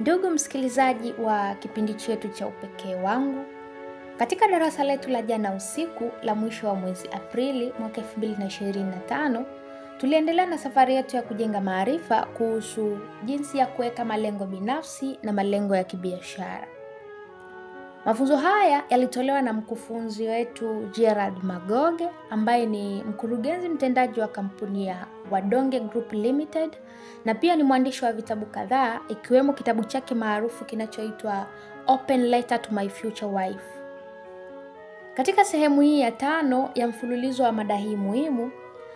Ndugu msikilizaji wa kipindi chetu cha Upekee wangu, katika darasa letu la jana usiku la mwisho wa mwezi Aprili mwaka 2025 tuliendelea na safari yetu ya kujenga maarifa kuhusu jinsi ya kuweka malengo binafsi na malengo ya kibiashara. Mafunzo haya yalitolewa na mkufunzi wetu Gerard Magoge ambaye ni mkurugenzi mtendaji wa kampuni ya Wadonge Group Limited na pia ni mwandishi wa vitabu kadhaa ikiwemo kitabu chake maarufu kinachoitwa Open Letter to My Future Wife. Katika sehemu hii ya tano ya mfululizo wa mada hii muhimu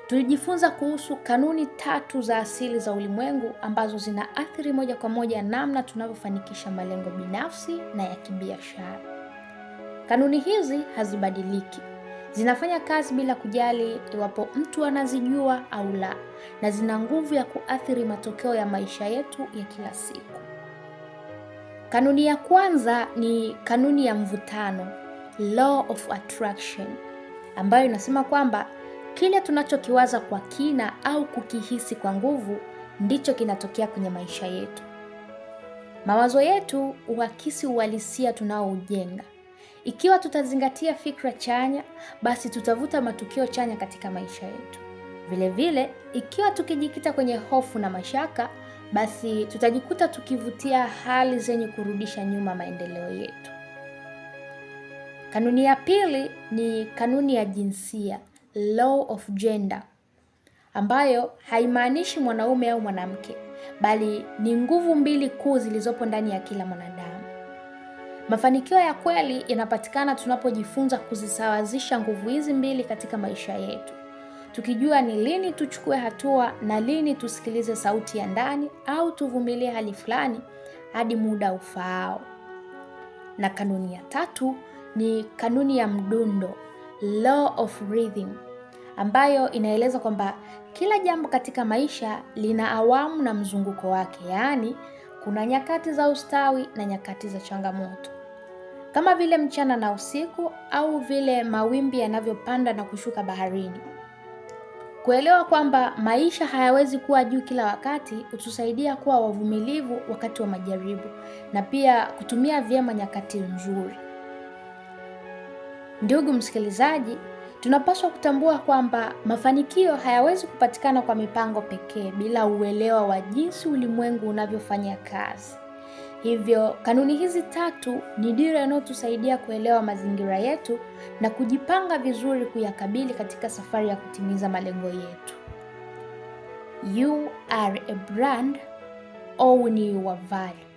Tulijifunza kuhusu kanuni tatu za asili za ulimwengu ambazo zinaathiri moja kwa moja namna tunavyofanikisha malengo binafsi na ya kibiashara. Kanuni hizi hazibadiliki. Zinafanya kazi bila kujali iwapo mtu anazijua au la, na zina nguvu ya kuathiri matokeo ya maisha yetu ya kila siku. Kanuni ya kwanza ni kanuni ya mvutano, law of attraction, ambayo inasema kwamba Kile tunachokiwaza kwa kina au kukihisi kwa nguvu ndicho kinatokea kwenye maisha yetu. Mawazo yetu huakisi uhalisia tunaoujenga. Ikiwa tutazingatia fikra chanya, basi tutavuta matukio chanya katika maisha yetu. Vilevile, ikiwa tukijikita kwenye hofu na mashaka, basi tutajikuta tukivutia hali zenye kurudisha nyuma maendeleo yetu. Kanuni ya pili ni kanuni ya jinsia law of gender ambayo haimaanishi mwanaume au mwanamke, bali ni nguvu mbili kuu zilizopo ndani ya kila mwanadamu. Mafanikio ya kweli yanapatikana tunapojifunza kuzisawazisha nguvu hizi mbili katika maisha yetu, tukijua ni lini tuchukue hatua na lini tusikilize sauti ya ndani au tuvumilie hali fulani hadi muda ufaao. Na kanuni ya tatu ni kanuni ya mdundo, law of rhythm ambayo inaeleza kwamba kila jambo katika maisha lina awamu na mzunguko wake, yaani kuna nyakati za ustawi na nyakati za changamoto, kama vile mchana na usiku au vile mawimbi yanavyopanda na kushuka baharini. Kuelewa kwamba maisha hayawezi kuwa juu kila wakati hutusaidia kuwa wavumilivu wakati wa majaribu na pia kutumia vyema nyakati nzuri. Ndugu msikilizaji, Tunapaswa kutambua kwamba mafanikio hayawezi kupatikana kwa mipango pekee bila uelewa wa jinsi ulimwengu unavyofanya kazi. Hivyo, kanuni hizi tatu ni dira inayotusaidia kuelewa mazingira yetu na kujipanga vizuri kuyakabili katika safari ya kutimiza malengo yetu. You are a brand, own your value.